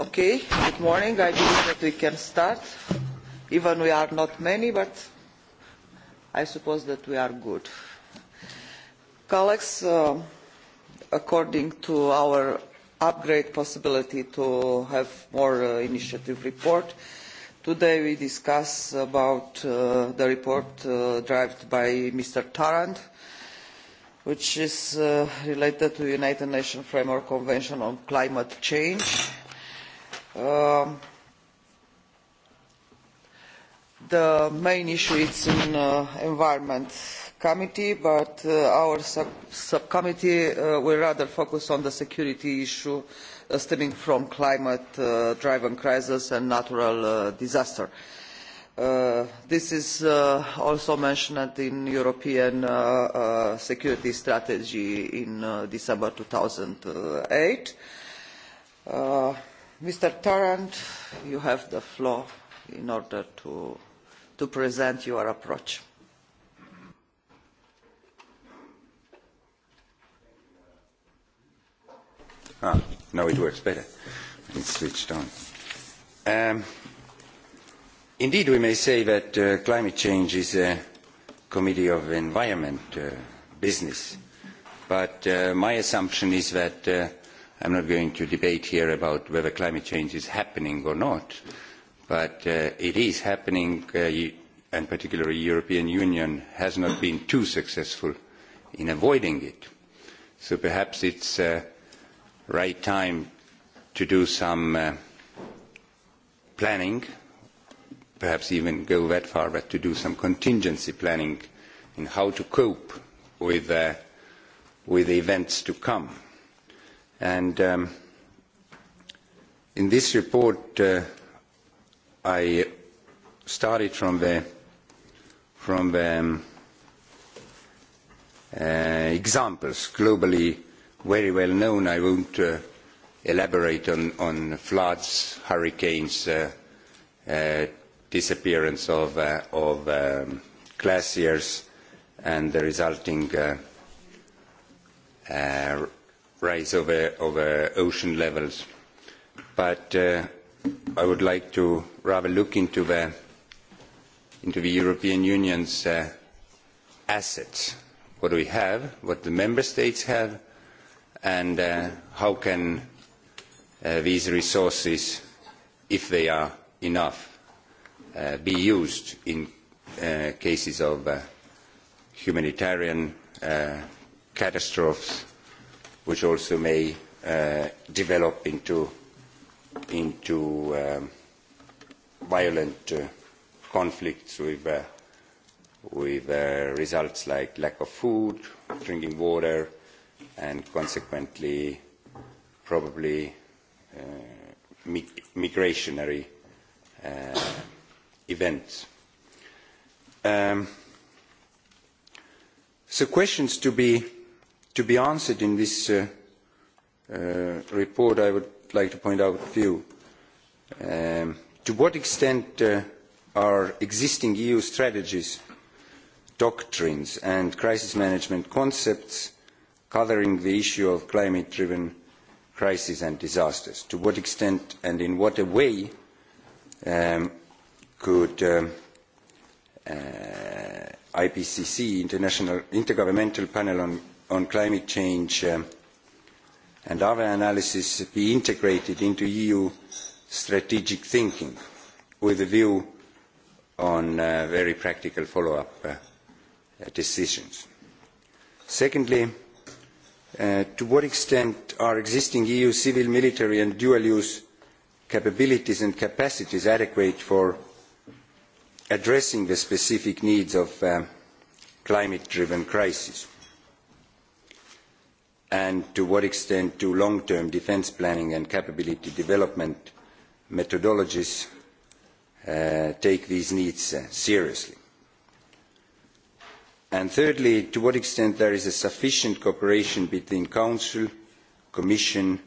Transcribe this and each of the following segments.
Okay, good morning. I believe that we can start, even we are not many, but I suppose that we are good. Colleagues, uh, according to our upgrade possibility to have more uh, initiative report, today we discuss about uh, the report uh, drived by Mr. Tarrant, which is uh, related to United Nations Framework Convention on Climate Change Um, the main issue is in the uh, environment committee, but uh, our subcommittee uh, will rather focus on the security issue stemming from climate-driven crisis and natural disaster. this is also mentioned in European security strategy in two December 2008. eight Mr. Tarrant, you have the floor in order to, to present your approach. Ah, now it works better. It's switched on. Um, indeed, we may say that uh, climate change is a committee of environment uh, business, but uh, my assumption is that uh, I'm not going to debate here about whether climate change is happening or not, but uh, it is happening, uh, and particularly the European Union has not been too successful in avoiding it. So perhaps it's uh, right time to do some uh, planning, perhaps even go that far, but to do some contingency planning in how to cope with, uh, with events to come And um, in this report, uh, I started from the from the um, uh, examples globally very well known. I won't uh, elaborate on, on floods, hurricanes, uh, uh, disappearance of, uh, of um, glaciers, and the resulting uh, uh, rise of, of ocean levels. But uh, I would like to rather look into the, into the European Union's uh, assets. What do we have, what the member states have, and uh, how can these resources, if they are enough, Uh, be used in uh, cases of uh, humanitarian catastrophes which also may uh, develop into, into um, violent uh, conflicts with, uh, with uh, results like lack of food, drinking water, and consequently probably uh, migrationary uh, events. Um, so questions to be to be answered in this uh, uh, report, I would like to point out a few. Um, to what extent uh, are existing EU strategies, doctrines and crisis management concepts covering the issue of climate-driven crises and disasters? To what extent and in what a way um, could um, uh, IPCC, International Intergovernmental Panel on on climate change um, and our analysis be integrated into EU strategic thinking with a view on uh, very practical follow-up uh, decisions. Secondly, uh, to what extent are existing EU civil, military and dual-use capabilities and capacities adequate for addressing the specific needs of uh, climate-driven crises? and to what extent do long-term defence planning and capability development methodologies uh, take these needs uh, seriously? And thirdly, to what extent there is a sufficient cooperation between Council, Commission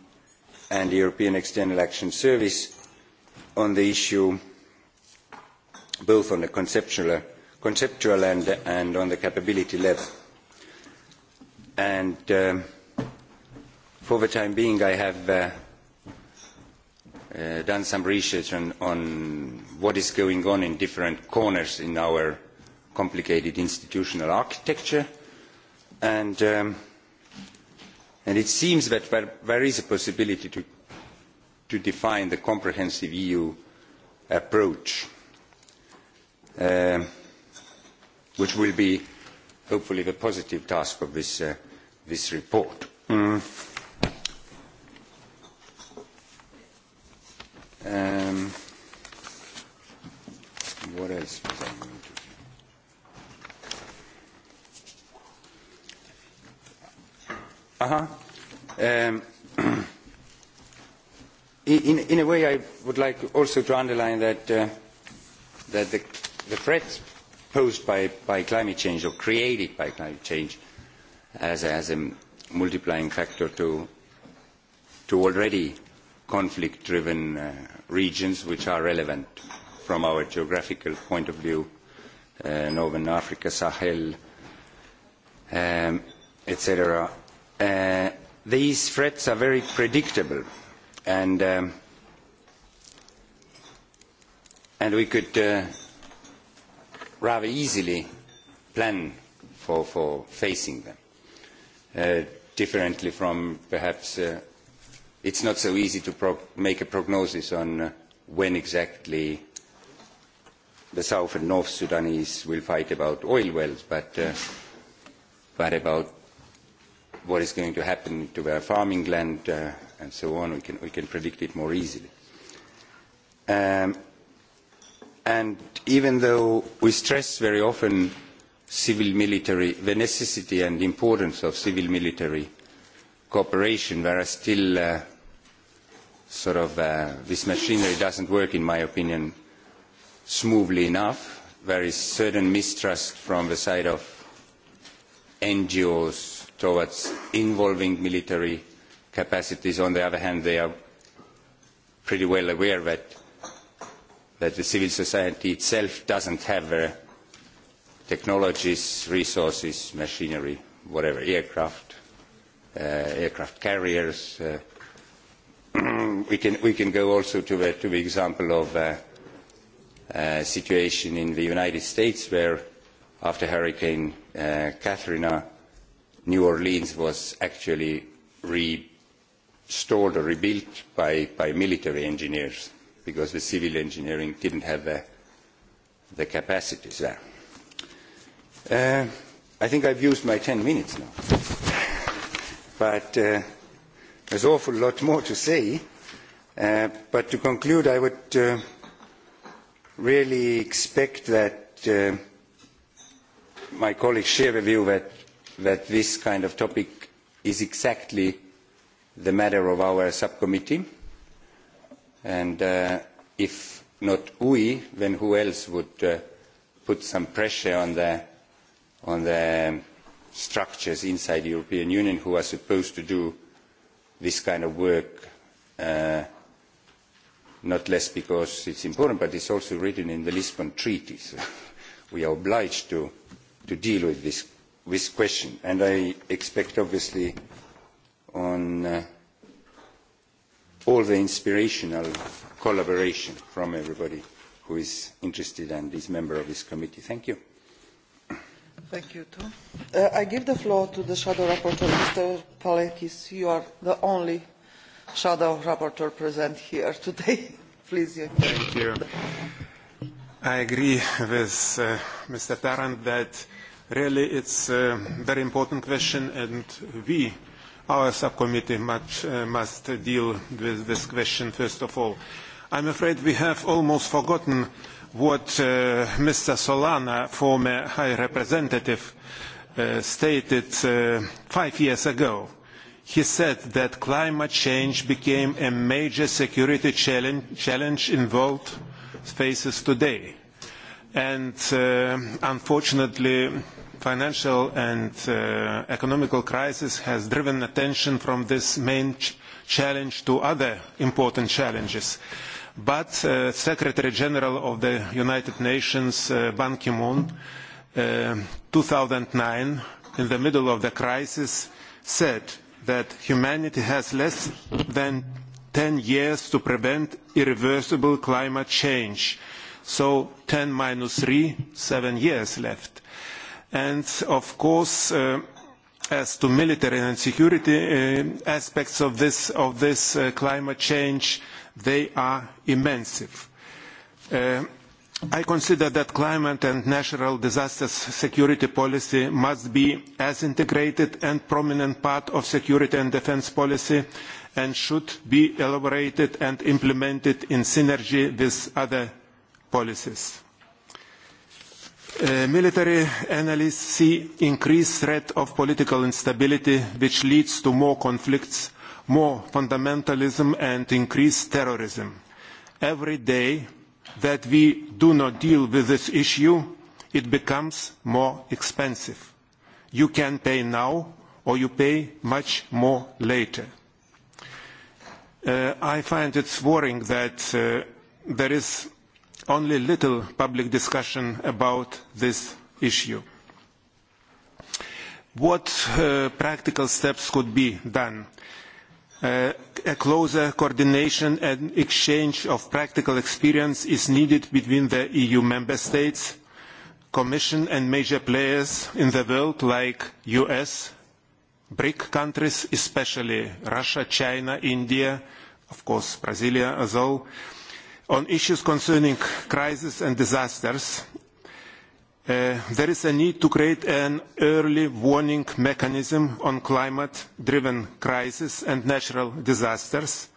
and the European External Action Service on the issue both on the conceptual, uh, conceptual and, and on the capability level. And uh, for the time being, I have uh, uh, done some research on, on what is going on in different corners in our complicated institutional architecture. And, um, and it seems that there, there is a possibility to, to define the comprehensive EU approach, uh, which will be hopefully the positive task of this, uh, this report. Mm Um, what else was I going to Uh-huh. Um, in, in a way, I would like also to underline that, uh, that the, the threats posed by, by climate change or created by climate change as, as a multiplying factor to, to already conflict-driven uh, regions which are relevant from our geographical point of view, uh, Northern Africa, Sahel, um, etc. Uh, these threats are very predictable and, um, and we could uh, rather easily plan for, for facing them, uh, differently from perhaps uh, it is not so easy to make a prognosis on uh, when exactly the South and North Sudanese will fight about oil wells, but, uh, but about what is going to happen to their farming land uh, and so on, we can, we can predict it more easily. Um, and even though we stress very often civil military, the necessity and importance of civil military cooperation, there are still uh, sort of uh, this machinery doesn't work, in my opinion, smoothly enough. There is certain mistrust from the side of NGOs towards involving military capacities. On the other hand, they are pretty well aware that, that the civil society itself doesn't have the technologies, resources, machinery, whatever, aircraft, uh, aircraft carriers, uh, we, can, we can go also to the, to the example of uh, uh, situation in the United States where after Hurricane uh, Katrina, New Orleans was actually restored or rebuilt by, by military engineers because the civil engineering didn't have the, the capacities there. Uh, I think I've used my 10 minutes now. But uh, There's an awful lot more to say, uh, but to conclude, I would uh, really expect that uh, my colleagues share the view that, that this kind of topic is exactly the matter of our subcommittee. And uh, if not we, then who else would uh, put some pressure on the, on the structures inside the European Union who are supposed to do this kind of work, uh, not less because it's important, but it's also written in the Lisbon Treaty. So we are obliged to, to deal with this, this question. And I expect, obviously, on uh, all the inspirational collaboration from everybody who is interested and is member of this committee. Thank you. I agree with uh, Mr. Tarrant that really it's a very important question and we, our subcommittee, uh, must deal with this question first of all. I'm afraid we have almost forgotten what uh, Mr. Solana, former High Representative, uh, stated uh, five years ago. He said that climate change became a major security challenge, challenge in world faces today. And unfortunately, financial and uh, economical crisis has driven attention from this main ch challenge to other important challenges. But uh, Secretary General of the United Nations, uh, Ban Ki-moon, uh, 2009, in the middle of the crisis, said that humanity has less than 10 years to prevent irreversible climate change. So 10 minus 3, 7 years left. And of course, uh, as to military and security uh, aspects of this, of this uh, climate change, they are immense. Uh, I consider that climate and natural disasters security policy must be as integrated and prominent part of security and defence policy and should be elaborated and implemented in synergy with other policies. Uh, military analysts see increased threat of political instability which leads to more conflicts more fundamentalism and increased terrorism. Every day that we do not deal with this issue, it becomes more expensive. You can pay now or you pay much more later. Uh, I find it worrying that uh, there is only little public discussion about this issue. What uh, practical steps could be done? Uh, Uh, a closer coordination and exchange of practical experience is needed between the EU member states, Commission and major players in the world like US, BRIC countries, especially Russia, China, India, of course Brazil as well, on issues concerning crisis and disasters Uh, there is a need to create an early warning mechanism on climate-driven crises and natural disasters,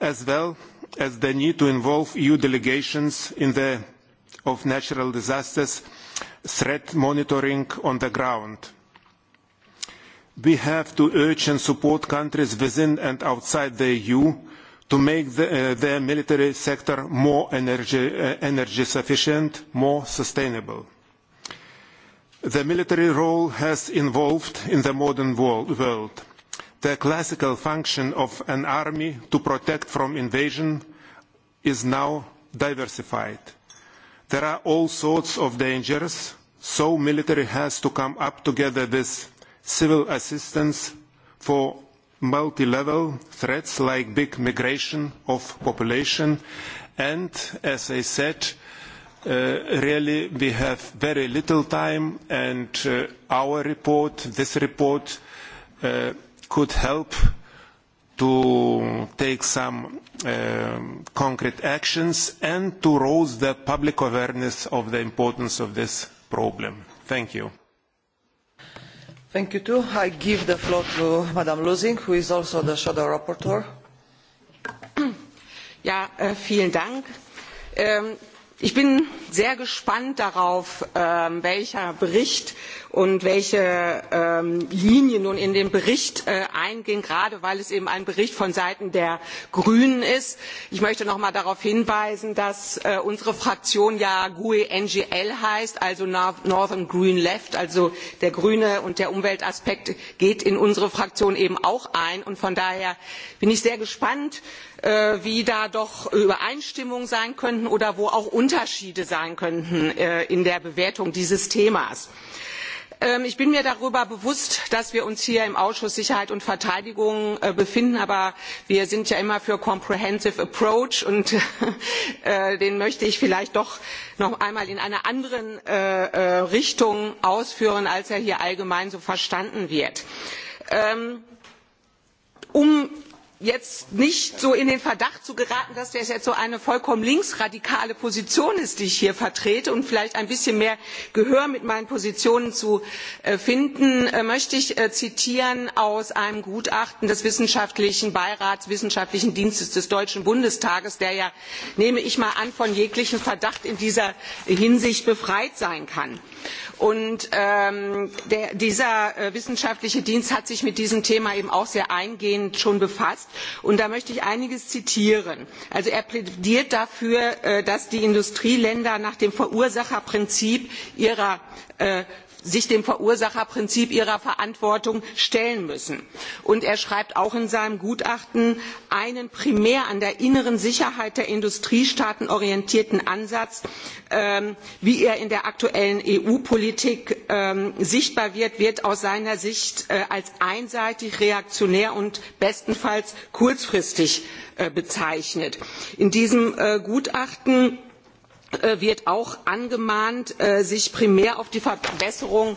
as well as the need to involve EU delegations in the of natural disasters threat monitoring on the ground. We have to urge and support countries within and outside the EU to make uh, their military sector more energy, uh, energy sufficient, more sustainable The military role has evolved in the modern world. The classical function of an army to protect from invasion is now diversified. There are all sorts of dangers, so military has to come up together with civil assistance for multi-level threats like big migration of population and, as I said, Uh, really we have very little time and uh, our report, this report, uh, could help to take some concrete actions and to raise the public awareness of the importance of this problem. Thank you. Thank you too. I give the floor to Madame Lusing, who is also the shadow rapporteur. Ja, äh, vielen Dank. Ähm ich bin sehr gespannt darauf ähm, welcher bericht und welche ähm, Linien nun in den Bericht äh, eingehen, gerade weil es eben ein Bericht von Seiten der Grünen ist. Ich möchte noch einmal darauf hinweisen, dass äh, unsere Fraktion ja GUE NGL heißt, also Northern Green Left, also der grüne und der Umweltaspekt geht in unsere Fraktion eben auch ein und von daher bin ich sehr gespannt, äh, wie da doch übereinstimmungen sein könnten oder wo auch unterschiede sein könnten äh, in der bewertung dieses themas. Ähm, ich bin mir darüber bewusst dass wir uns hier im ausschuss sicherheit und verteidigung äh, befinden aber wir sind ja immer für comprehensive approach und äh, den möchte ich vielleicht doch noch einmal in einer anderen äh, richtung ausführen als er hier allgemein so verstanden wird ähm, um jetzt nicht so in den Verdacht zu geraten, dass das jetzt so eine vollkommen linksradikale Position ist, die ich hier vertrete und vielleicht ein bisschen mehr Gehör mit meinen Positionen zu äh, finden, äh, möchte ich äh, zitieren aus einem Gutachten des Wissenschaftlichen Beirats Wissenschaftlichen Dienstes des Deutschen Bundestages, der ja, nehme ich mal an, von jeglichem Verdacht in dieser Hinsicht befreit sein kann. Und ähm, der, dieser äh, wissenschaftliche Dienst hat sich mit diesem Thema eben auch sehr eingehend schon befasst. Und da möchte ich einiges zitieren. Also er plädiert dafür, äh, dass die Industrieländer nach dem Verursacherprinzip ihrer äh, sich dem verursacherprinzip ihrer verantwortung stellen müssen. und er schreibt auch in seinem gutachten einen primär an der inneren sicherheit der industriestaaten orientierten ansatz ähm, wie er in der aktuellen eu politik ähm, sichtbar wird wird aus seiner sicht äh, als einseitig reaktionär und bestenfalls kurzfristig äh, bezeichnet. in diesem äh, gutachten Äh, wird auch angemahnt äh, sich primär auf die verbesserung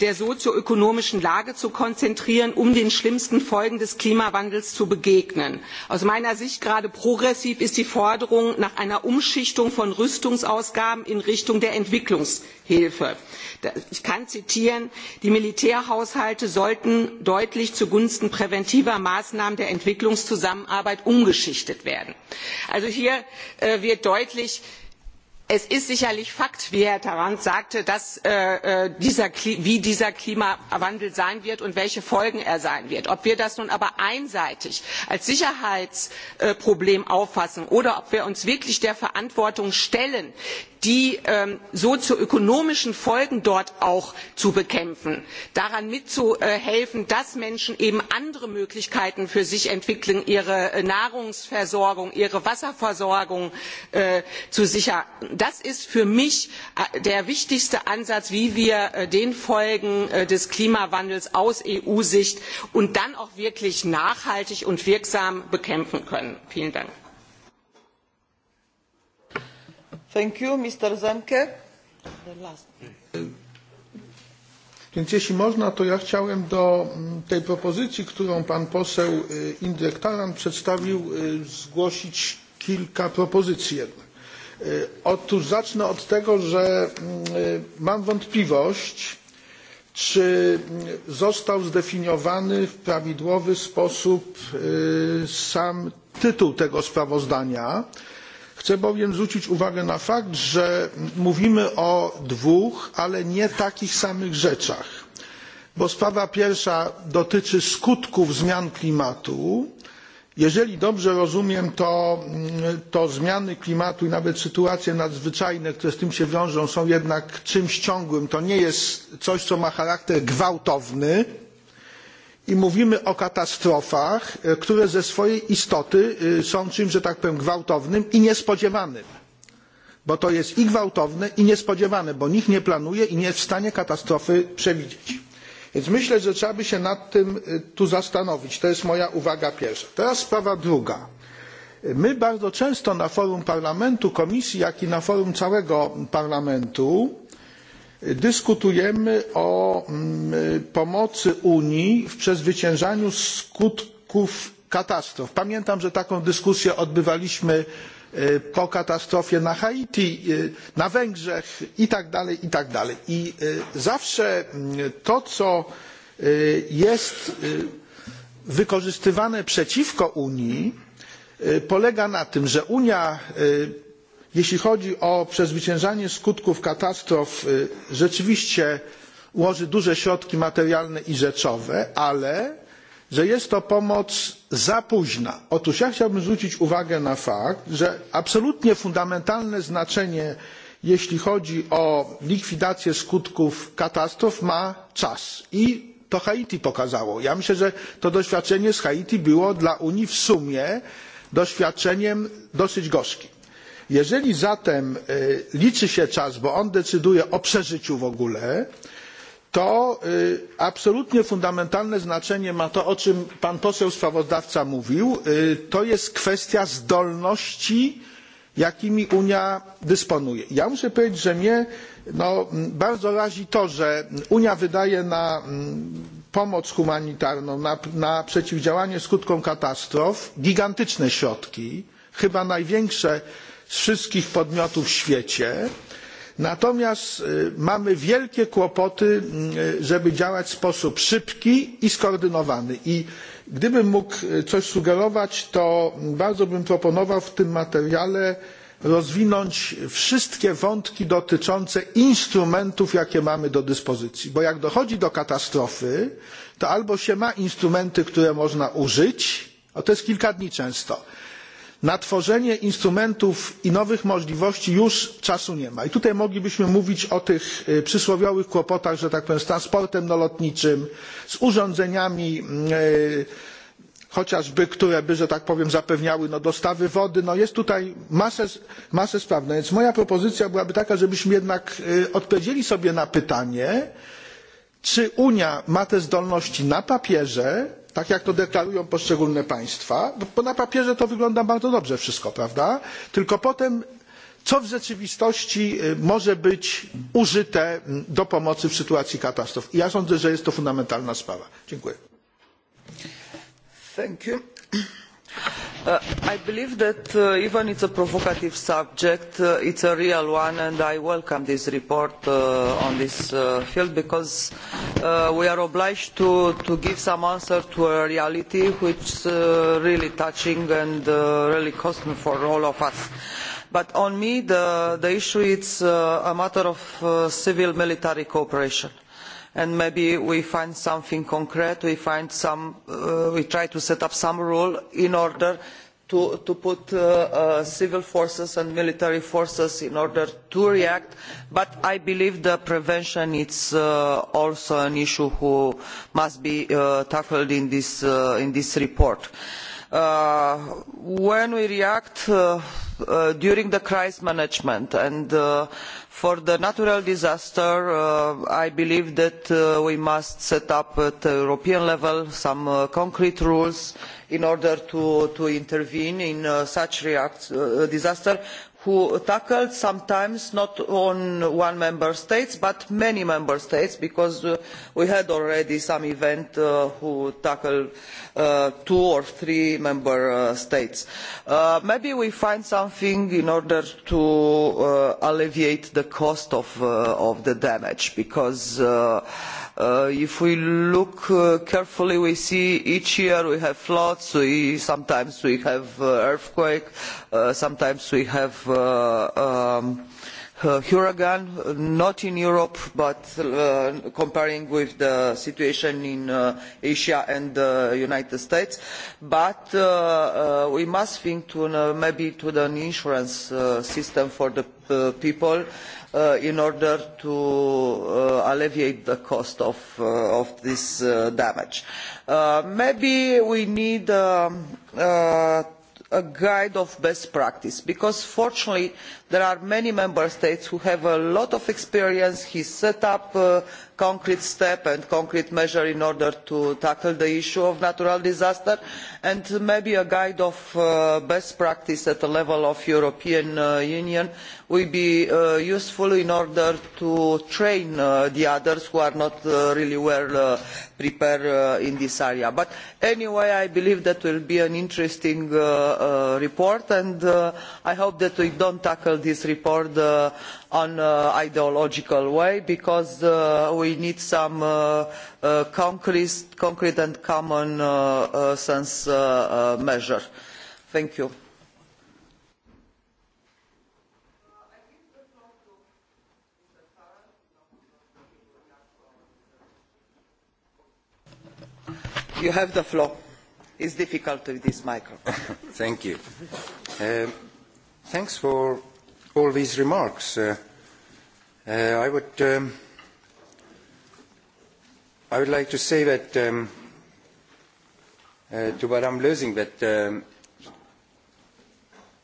der sozioökonomischen lage zu konzentrieren um den schlimmsten folgen des klimawandels zu begegnen. aus meiner sicht gerade progressiv ist die forderung nach einer umschichtung von rüstungsausgaben in richtung der entwicklungshilfe. ich kann zitieren die militärhaushalte sollten deutlich zugunsten präventiver maßnahmen der entwicklungszusammenarbeit umgeschichtet werden. also hier äh, wird deutlich es ist sicherlich fakt wie herr tarand sagte äh, äh, wie dieser klimawandel sein wird und welche folgen er haben wird. ob wir das nun aber einseitig als sicherheitsproblem äh, auffassen oder ob wir uns wirklich der verantwortung stellen die ähm, sozioökonomischen folgen dort auch zu bekämpfen daran mitzuhelfen dass menschen eben andere möglichkeiten für sich entwickeln ihre nahrungsversorgung ihre wasserversorgung zu sichern das ist für mich äh, der wichtigste ansatz wie wir äh, den folgen äh, des klimawandels aus eu sicht und dann auch wirklich nachhaltig und wirksam bekämpfen können. vielen dank. You, Więc jeśli można, to ja chciałem do mm, tej propozycji, którą pan poseł Indrek Taran przedstawił, zgłosić kilka propozycji jednak E, otóż zacznę od tego, że mm, e, mam wątpliwość, czy mm, został zdefiniowany w prawidłowy sposób e, sam tytuł tego sprawozdania. Chcę bowiem zwrócić uwagę na fakt, że mm, mówimy o dwóch, ale nie takich samych rzeczach. Bo sprawa pierwsza dotyczy skutków zmian klimatu, jeżeli dobrze rozumiem to, zmiany klimatu i nawet sytuacje nadzwyczajne które z tym się wiążą są jednak czymś ciągłym to nie jest coś co ma charakter gwałtowny i mówimy o katastrofach e, które ze swojej istoty e, są czymś że tak powiem gwałtownym i niespodziewanym bo to jest i gwałtowne i niespodziewane bo nikt nie planuje i nie jest w stanie katastrofy przewidzieć. Więc myślę, że trzeba by się nad tym tu zastanowić. To jest moja uwaga pierwsza. Teraz sprawa druga. My bardzo często na forum parlamentu, komisji, jak i na forum całego parlamentu dyskutujemy o mm, pomocy Unii w przezwyciężaniu skutków katastrof. Pamiętam, że taką dyskusję odbywaliśmy po katastrofie na haiti na węgrzech i tak dalej i tak dalej. i zawsze to co jest wykorzystywane przeciwko unii polega na tym że unia jeśli chodzi o przezwyciężanie skutków katastrof rzeczywiście ułoży duże środki materialne i rzeczowe ale że jest to pomoc za późna. otóż ja chciałbym zwrócić uwagę na fakt że absolutnie fundamentalne znaczenie jeśli chodzi o likwidację skutków katastrof ma czas i to haiti pokazało. ja myślę że to doświadczenie z haiti było dla unii w sumie doświadczeniem dosyć gorzkim. jeżeli zatem liczy się czas bo on decyduje o przeżyciu w ogóle to to absolutnie fundamentalne znaczenie ma to o czym pan poseł sprawozdawca mówił to jest kwestia zdolności jakimi unia dysponuje. ja muszę powiedzieć że mnie no, bardzo razi to że unia wydaje na mm, pomoc humanitarną na, przeciwdziałanie skutkom katastrof gigantyczne środki chyba największe z wszystkich podmiotów w świecie natomiast mamy wielkie kłopoty żeby działać w sposób szybki i skoordynowany i gdybym mógł coś sugerować to bardzo bym proponował w tym materiale rozwinąć wszystkie wątki dotyczące instrumentów jakie mamy do dyspozycji bo jak dochodzi do katastrofy to albo się ma instrumenty których można użyć a to jest kilka dni często na tworzenie instrumentów i nowych możliwości już czasu nie ma i tutaj moglibyśmy mówić o tych przysłowiowych kłopotach że tak powiem z transportem lotniczym z urządzeniami chociażby które by że tak powiem zapewniały no, dostawy wody no, jest tutaj masę spraw. No więc moja propozycja byłaby taka żebyśmy jednak odpowiedzieli sobie na pytanie czy unia ma te zdolności na papierze tak jak to deklarują poszczególne państwa, bo na papierze to wygląda bardzo dobrze wszystko, prawda? Tylko potem co w rzeczywistości może być użyte mm, do pomocy w sytuacji katastrof. I ja sądzę, że jest to fundamentalna sprawa. Dziękuję. Thank you. Uh, i believe that uh, even though it is a provocative subject uh, it is a real one and i welcome this report on this field because we are obliged to, give some answer to a reality which is really touching and really costly for all of us. but for me the issue is a matter of civil military cooperation and maybe we find something concrete we find some uh, we try to set up some rule in order to, to put uh, uh, civil forces and military forces in order to react but i believe that prevention is also an issue that must be tackled in this, in this report. when we react during the crisis management and for the natural disaster uh, i believe that uh, we must set up at european level some uh, concrete rules in order to, to intervene in such a disaster who tackled sometimes not only one member state but many member states because uh, we had already some events uh, that tackled uh, two or three member uh, states. maybe we can find something in order to alleviate the cost of, of the damage because Uh, if we look uh, carefully we see each year we have floods sometimes we have uh, earthquakes sometimes we have um, Uh, Huragan, not in europe but uh, comparing with the situation in uh, asia and the united states but we must think maybe to an insurance system for the people in order to alleviate the cost of, of this damage. maybe we need um, a guide of best practice because fortunately there are many member states who have a lot of experience who set up uh, concrete step and concrete measure in order to tackle the issue of natural disasters and maybe a guide of uh, best practice at the level of the european uh, union will be uh, useful in order to train the others who are not really well prepared in this area. but anyway i believe that will be an interesting report and i hope that we do not tackle this report on an uh, ideological way because uh, we need some uh, concrete, concrete and common sense measure. thank you. you have the floor. It's difficult with this microphone. Thank you. thanks for all these remarks. Uh, uh, I would um, I would like to say that um, uh, to I'm losing that um,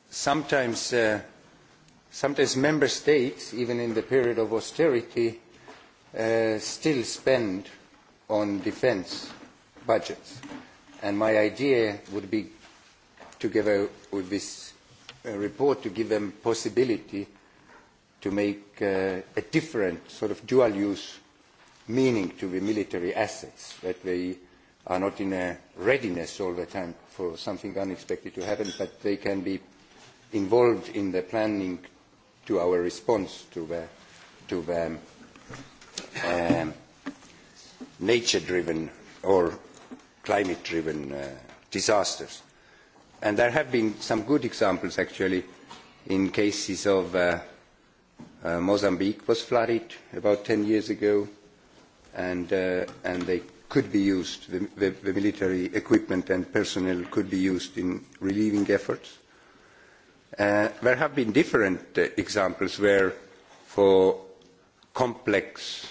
sometimes uh, sometimes member states, even in the period of austerity, uh, still spend on defence budgets. And my idea would be, together with this Uh, report to give them possibility to make uh, a different sort of dual use meaning to the military assets, that they are not in a readiness all the time for something unexpected to happen, but they can be involved in the planning to our response to the, to the um, um nature-driven or climate-driven uh, disasters and there have been some good examples actually in cases of uh, uh, Mozambique was flooded about 10 years ago and, uh, and they could be used, the, the, the military equipment and personnel could be used in relieving efforts. Uh, there have been different uh, examples where for complex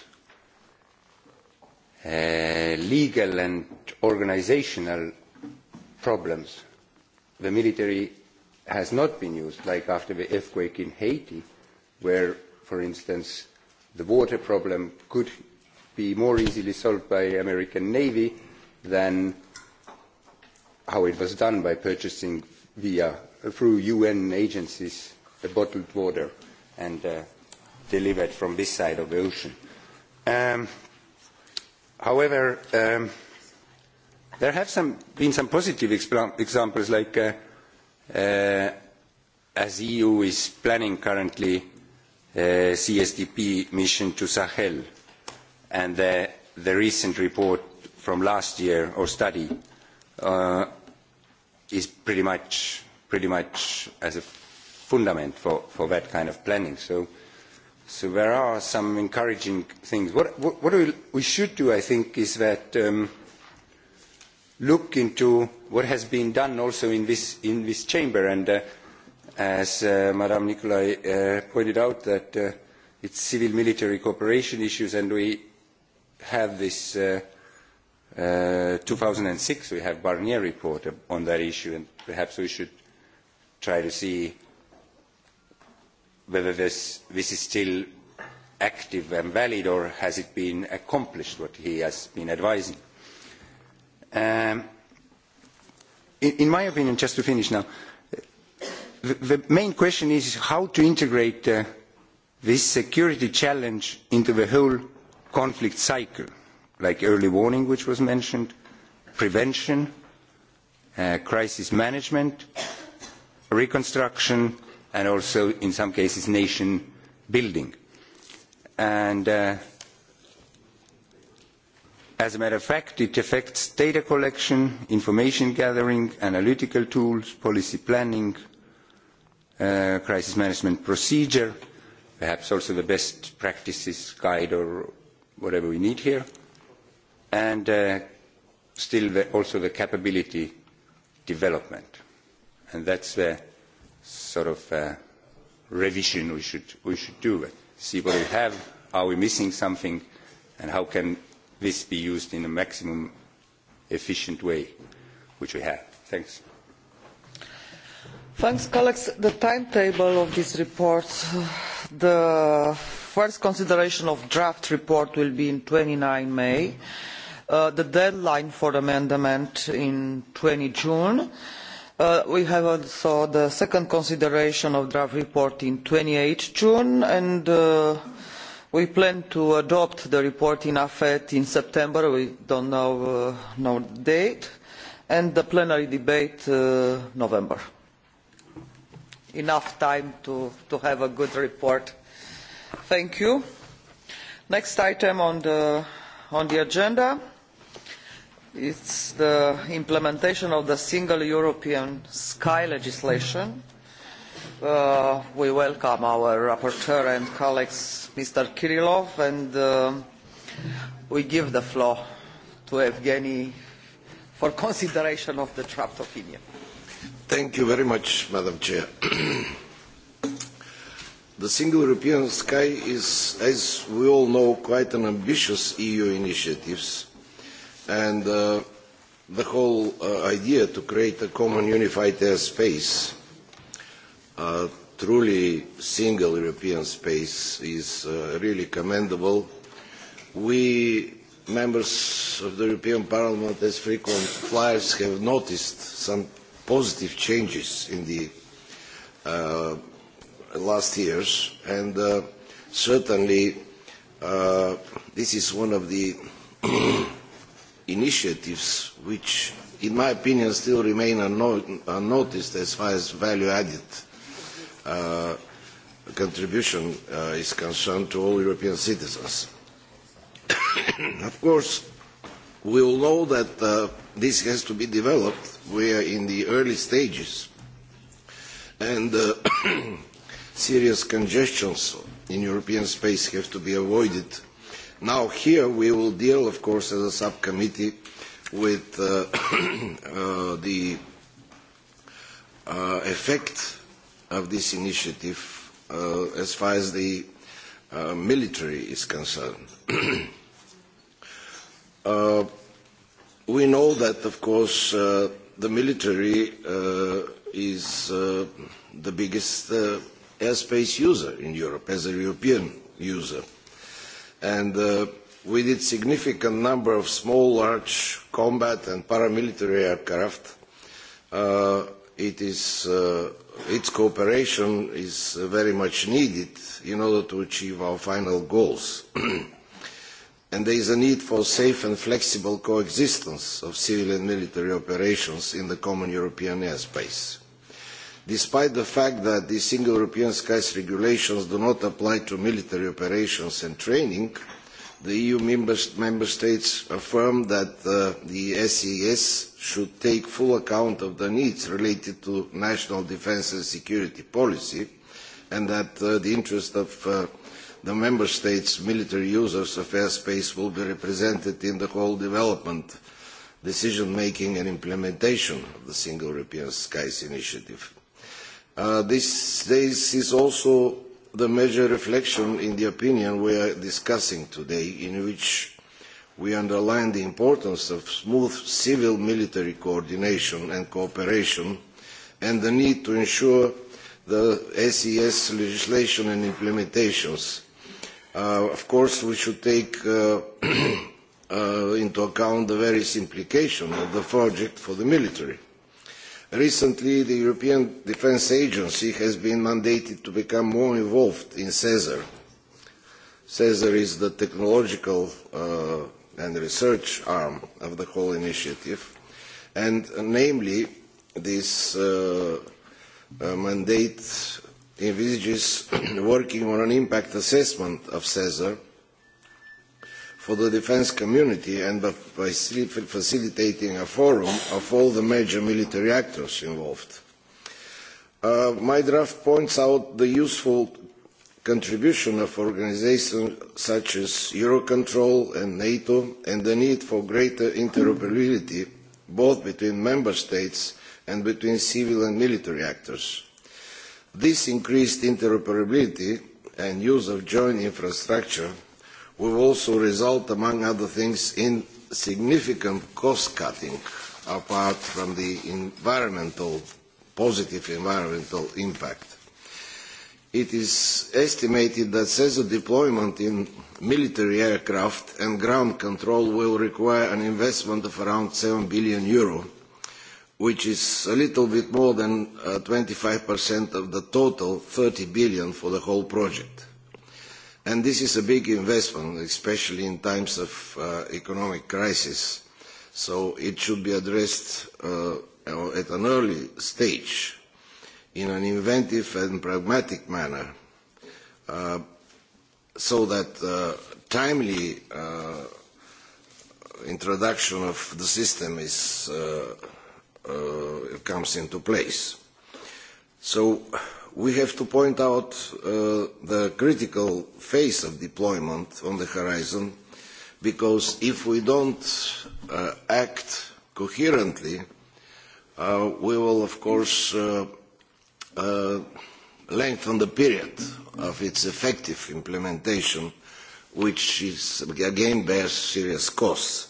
uh, legal and organizational problems the military has not been used, like after the earthquake in Haiti, where, for instance, the water problem could be more easily solved by American Navy than how it was done by purchasing via through UN agencies the bottled water and uh, delivered from this side of the ocean. Um, however, um, There have been some positive examples, like uh, uh as EU is planning currently a uh, CSDP mission to Sahel, and the, recent report from last year or study uh, is pretty much pretty much as a fundament for, for that kind of planning. So, so there are some encouraging things. What, what, what we, we should do, I think, is that. Um, look into what has been done also in this, in this chamber. And uh, as uh, Madame Nicolai uh, pointed out, that uh, it's civil-military cooperation issues, and we have this uh, uh, 2006, we have Barnier report on that issue, and perhaps we should try to see whether this, this is still active and valid, or has it been accomplished, what he has been advising. Um, in, in my opinion, just to finish now, the, the main question is how to integrate uh, this security challenge into the whole conflict cycle, like early warning, which was mentioned, prevention, uh, crisis management, reconstruction, and also, in some cases, nation building. And uh, As a matter of fact, it affects data collection, information gathering, analytical tools, policy planning, uh, crisis management procedure, perhaps also the best practices guide or whatever we need here, and uh, still the, also the capability development. And that's the sort of uh, revision we should, we should do, see what we have, are we missing something, and how can this be used in the maximum efficient way, which we have. Thanks. Thanks, colleagues. The timetable of this report, the first consideration of draft report will be in 29 May. Uh, the deadline for amendment in 20 June. Uh, we have also the second consideration of draft report in 28 June and uh, we plan to adopt the report in afet in september we do not know the uh, no date and the plenary debate in uh, november. enough time to, have a good report. thank you. next item on the, agenda is the implementation of the single european sky legislation. Uh, we welcome our rapporteur and colleagues Mr. Kirillov, and uh, we give the floor to Evgeny for consideration of the draft opinion. Thank you very much, Madam Chair. the Single European Sky is, as we all know, quite an ambitious EU initiative, and uh, the whole uh, idea to create a common unified airspace uh, truly single European space is uh, really commendable. We members of the European Parliament as frequent flyers have noticed some positive changes in the uh, last years and uh, certainly uh, this is one of the initiatives which in my opinion still remain unnoticed as far as value added uh, contribution uh, is concerned to all European citizens. of course, we all know that uh, this has to be developed. We are in the early stages, and uh, serious congestions in European space have to be avoided. Now here we will deal, of course, as a subcommittee with uh, uh the uh, effect of this initiative uh, as far as the uh, military is concerned. uh, we know that, of course, uh, the military uh, is uh, the biggest uh, airspace user in Europe, as a European user. And uh, with its significant number of small, large combat and paramilitary aircraft, uh, it is uh, its cooperation is very much needed in order to achieve our final goals. and there is a need for safe and flexible coexistence of civil and military operations in the common European airspace. Despite the fact that the Single European Skies regulations do not apply to military operations and training, the EU member, states affirm that uh, the SES e should take full account of the needs related to national defence and security policy and that uh, the interests of uh, the member states' military users of airspace will be represented in the whole development, decision-making and implementation of the Single European Skies Initiative. this is also the major reflection in the opinion we are discussing today, in which we underline the importance of smooth civil-military coordination and cooperation and the need to ensure the SES legislation and implementations. Uh, of course, we should take uh, uh, into account the various implications of the project for the military. Recently, the European Defence Agency has been mandated to become more involved in CESAR. CESAR is the technological uh, and research arm of the whole initiative, and uh, namely, this uh, uh mandate envisages working on an impact assessment of CESAR for the defence community and by facilitating a forum of all the major military actors involved. Uh, my draft points out the useful contribution of organisations such as Eurocontrol and NATO and the need for greater interoperability both between member states and between civil and military actors. This increased interoperability and use of joint infrastructure will also result, among other things, in significant cost-cutting apart from the environmental, positive environmental impact. It is estimated that CESO deployment in military aircraft and ground control will require an investment of around 7 billion euro, which is a little bit more than uh, 25% of the total 30 billion for the whole project. And this is a big investment, especially in times of uh, economic crisis. So it should be addressed uh, at an early stage in an inventive and pragmatic manner uh, so that uh, timely uh, introduction of the system is, uh, comes into place. So we have to point out uh, the critical phase of deployment on the horizon, because if we don't uh, act coherently, uh, we will, of course, lengthen the period of its effective implementation, which is, again bears serious costs.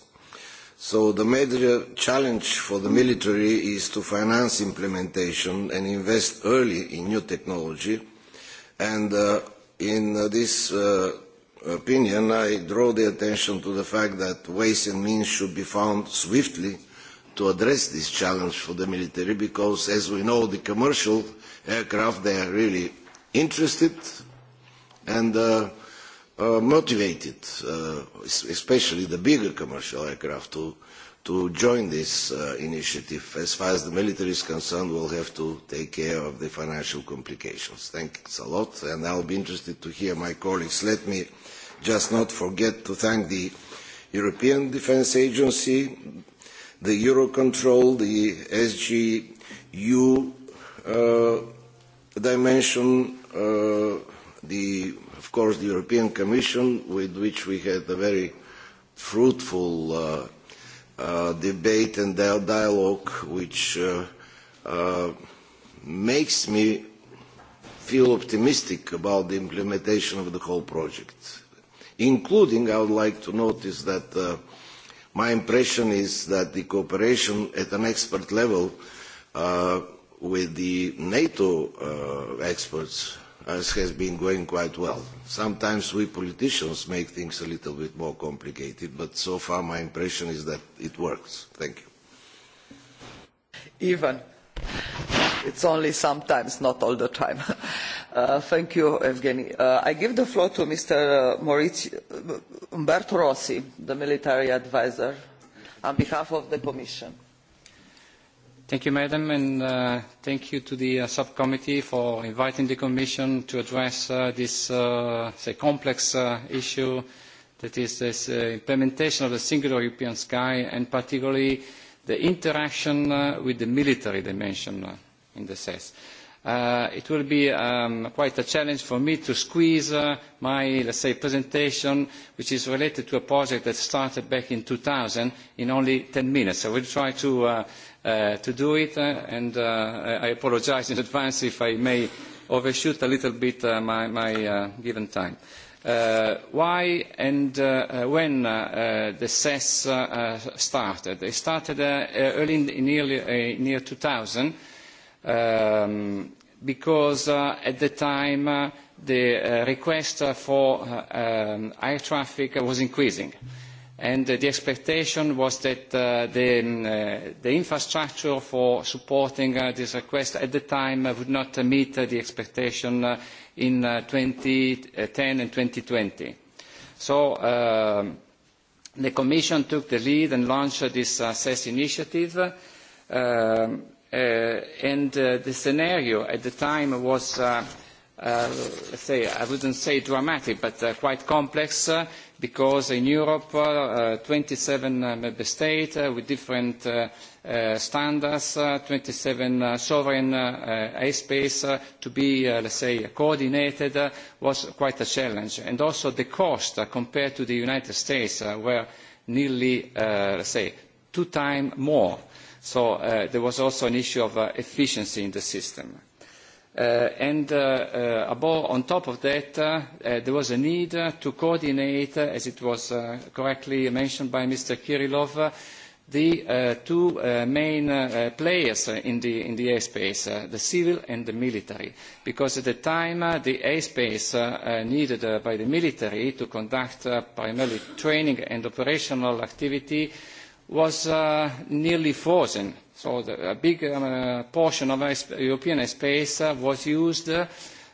So the major challenge for the military is to finance implementation and invest early in new technology. And uh, in uh, this uh, opinion, I draw the attention to the fact that ways and means should be found swiftly to address this challenge for the military because, as we know, the commercial aircraft, they are really interested and uh, Uh, motivated, uh, especially the bigger commercial aircraft, to, to join this uh, initiative. As far as the military is concerned, we'll have to take care of the financial complications. Thanks a lot, and I'll be interested to hear my colleagues. Let me just not forget to thank the European Defence Agency, the Eurocontrol, the SGU uh, dimension, uh, the of course, the European Commission, with which we had a very fruitful uh, uh, debate and dialogue, which uh, uh, makes me feel optimistic about the implementation of the whole project. Including, I would like to notice that uh, my impression is that the cooperation at an expert level uh, with the NATO uh, experts as has been going quite well. Sometimes we politicians make things a little bit more complicated, but so far my impression is that it works. Thank you. Ivan, it's only sometimes, not all the time. Uh, thank you, Evgeny. Uh, I give the floor to Mr. Uh, Maurizio, uh, Umberto Rossi, the military advisor, on behalf of the Commission. Thank you, Madam, and uh, thank you to the uh, subcommittee for inviting the Commission to address uh, this uh, say complex uh, issue that is this uh, implementation of the single European sky and particularly the interaction uh, with the military dimension uh, in the CES. Uh, it will be um, quite a challenge for me to squeeze uh, my, let's say, presentation, which is related to a project that started back in 2000, in only 10 minutes. I will try to, uh, uh, to do it, uh, and uh, I apologize in advance if I may overshoot a little bit uh, my, my uh, given time. Uh, why and uh, uh when uh, uh the CES started? It started early in, the early, in year 2000, Um, because uh, at the time uh, the uh, request for um, air traffic was increasing and the expectation was that uh, the, um, uh, the infrastructure for supporting uh, this request at the time would not meet the expectation in 2010 and 2020. So um, the Commission took the lead and launched this SES initiative. Uh, uh, the scenario at the time was uh, let's say, I wouldn't say dramatic, but quite complex, because in Europe, 27 member states with different standards, 27 sovereign airspace to be, let's say, coordinated was quite a challenge. also the cost compared to the United States were nearly, let's say, two times more So uh, there was also an issue of uh, efficiency in the system. Uh, and uh, above, on top of that, there was a need to coordinate, as it was correctly mentioned by Mr. Kirillov, the two main players in the, in the airspace, the civil and the military, because at the time the airspace needed by the military to conduct primarily training and operational activity was uh, nearly frozen. So the, a big um, uh, portion of European space uh, was used uh,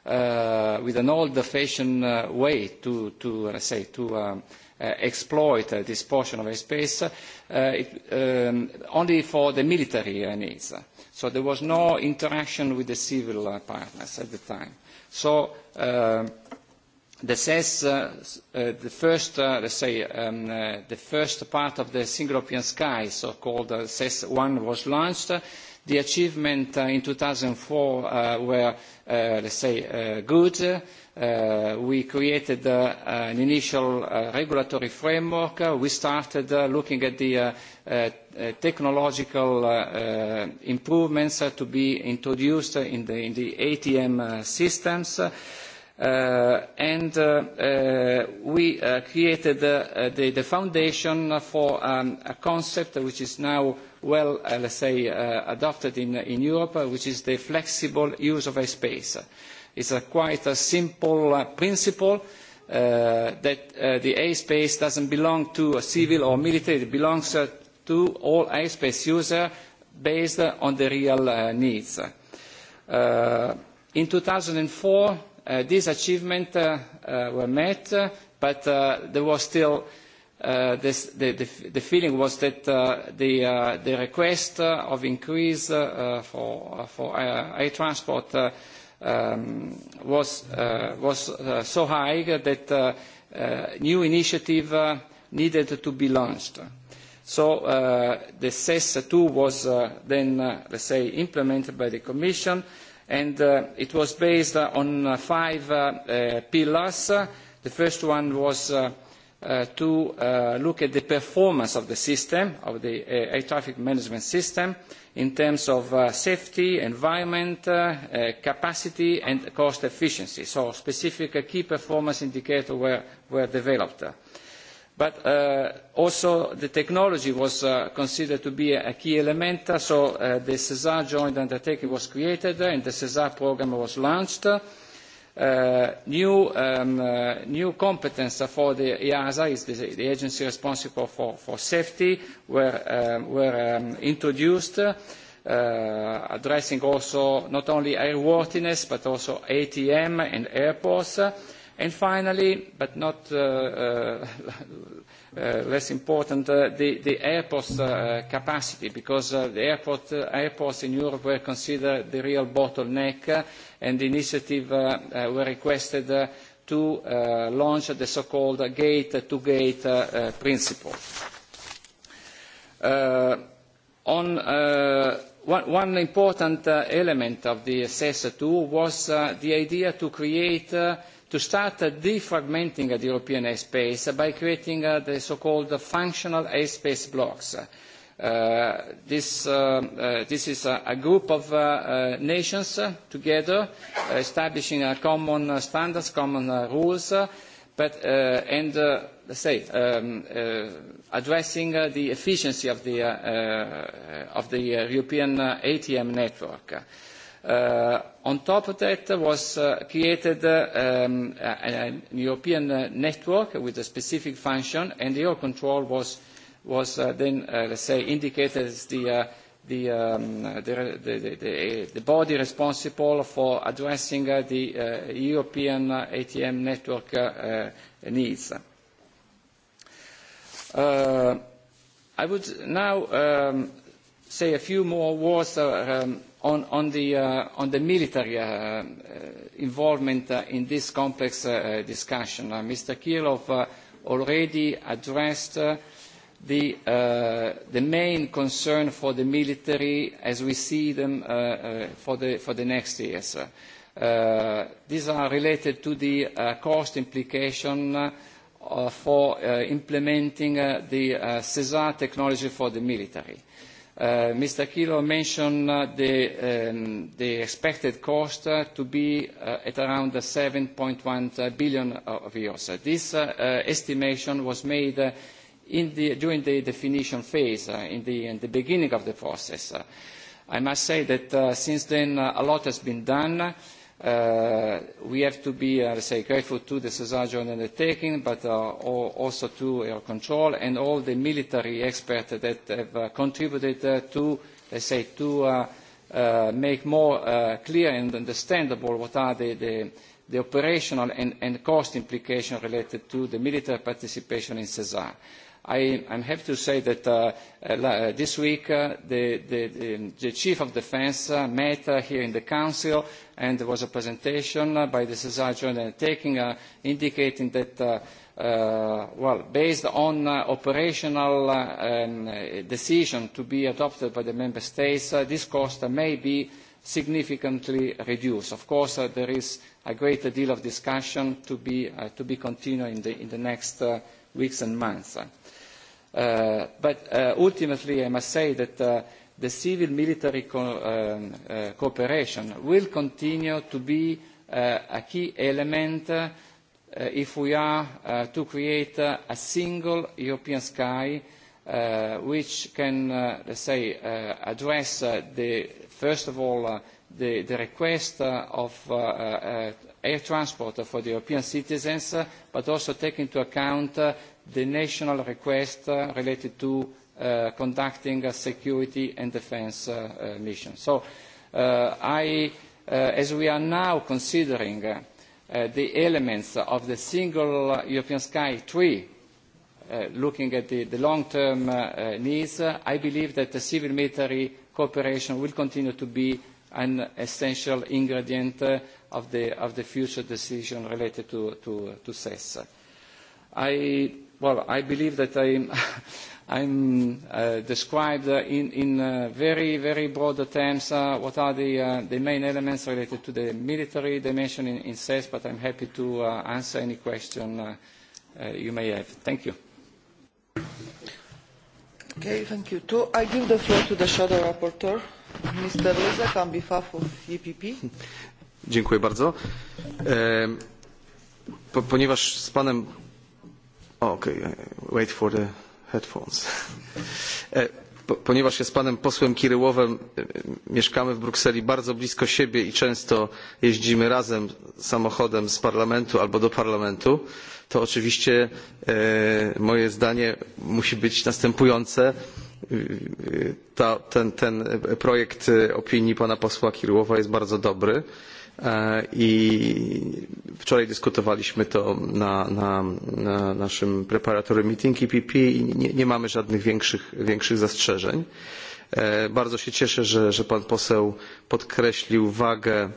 with an old-fashioned uh, way to, to say, to um, uh, exploit uh, this portion of space uh, it, um, only for the military uh, needs. So there was no interaction with the civil uh, partners at the time. So uh, the SES, uh, uh, the first, uh, let's say, um, uh, the first part of the Single European Sky, so-called uh, SES-1, was launched. The achievement uh, in 2004 uh, were, uh, let's say, uh, good. Uh, we created uh, an initial uh, regulatory framework. Uh, we started uh, looking at the technological improvements to be introduced in the, in the ATM systems. Uh, and uh, uh, we created the, foundation for um, a concept which is now well, let's say, adopted in, Europe, which is the flexible use of space. It's a quite a simple principle that the air space doesn't belong to a civil or military, it belongs to all air space user based on the real needs. In 2004, Uh, these achievements uh, uh, were met, uh, but there was still this, the, the, the, feeling was that the, the, request of increase for, for air transport um, was, was so high that new initiative needed to be launched. So the CES2 was then, let's say, implemented by the Commission and uh, it was based uh, on uh, five pillars. The first one was to look at the performance of the system, of the air traffic management system, in terms of safety, environment, capacity and cost efficiency. So specific key performance indicators were developed. But uh, also the technology was uh, considered to be a key element, so uh, the CESAR joint undertaking was created and the CESAR programme was launched. new, um, new competence for the EASA the, agency responsible for, safety were, um, were um, introduced, addressing also not only airworthiness but also ATM and airports. And finally, but not uh, uh, uh, less important, the, airport's capacity, because the airports in Europe were considered the real bottleneck, and the initiative were requested to launch the so-called gate-to-gate principle. One important element of the SES2 was the idea to create to start defragmenting the European airspace by creating uh, the so-called functional airspace blocks. Uh, this, uh, uh, this is a, a group of uh, uh, nations together establishing a common standards, common rules, but, and let's say um, addressing the efficiency of the, of the European ATM network. Uh, on top of that was uh, created uh, um, a European network with a specific function, and the control was, then, let's say, indicated as the, um, body responsible for addressing the European ATM network needs. I would now um, say a few more words uh, um, on, on, the, uh, on the military uh, uh involvement uh, in this complex uh, discussion. Mr. Kirillov already addressed the, the main concern for the military as we see them for the, for the next years. These are related to the cost implication for implementing the SESAR technology for the military. Uh, Mr. Kilo mentioned uh, um, the, expected cost uh, to be at around 7.1 billion euros. This estimation was made during the definition phase, in in the beginning of the process. I must say that since then, a lot has been done. Uh, we have to be, uh, say, grateful to the Cesargian undertaking, but uh, also to air control and all the military experts that have uh, contributed uh, to, let's say, to uh, make more clear and understandable what are the, the, the operational and, and cost implications related to the military participation in Cesar. I, I'm happy to say that uh, uh, uh, this week uh, the, the, the, Chief of Defence uh, met here in the Council and there was a presentation by the Sergeant taking, indicating that Uh, well, based on uh, operational uh, um, decision to be adopted by the member states, this cost may be significantly reduced. Of course, there is a great deal of discussion to be, to be continued in the, in the next weeks and months. Uh, but uh, ultimately, I must say that uh, the civil-military co um, uh, cooperation will continue to be uh, a key element uh, if we are to create a single European sky which can, let's say, address the, first of all, the, the request uh, of uh, uh, air transport for the European citizens, but also take into account the national request related to conducting security and defence missions. So I, as we are now considering Uh, the elements of the single European Sky 3, uh, looking at the, the long-term uh, needs, I believe that the civil military cooperation will continue to be an essential ingredient of the, future decision related to, CESS. CES. I, well, I believe that I'm, uh, described in, uh, very, very broad terms uh, what are the, main elements related to the military dimension in, in CES, but I'm happy to answer any question you may have. Thank you. Okay, thank you too. I give the floor to the shadow rapporteur. E Dziękuję bardzo. E, po, ponieważ z panem... Okej, okay, e, wait for the headphones. E, ponieważ się z panem posłem Kiryłowem e, mieszkamy w Brukseli bardzo blisko siebie i często jeździmy razem samochodem z parlamentu albo do parlamentu, to oczywiście e, moje zdanie musi być następujące. E, ta, ten, ten projekt opinii pana posła Kirłowa jest bardzo dobry e, i wczoraj dyskutowaliśmy to na, na, na naszym preparatory meeting IPP i nie, nie mamy żadnych większych, większych zastrzeżeń. Bardzo się cieszę, że, że pan poseł podkreślił wagę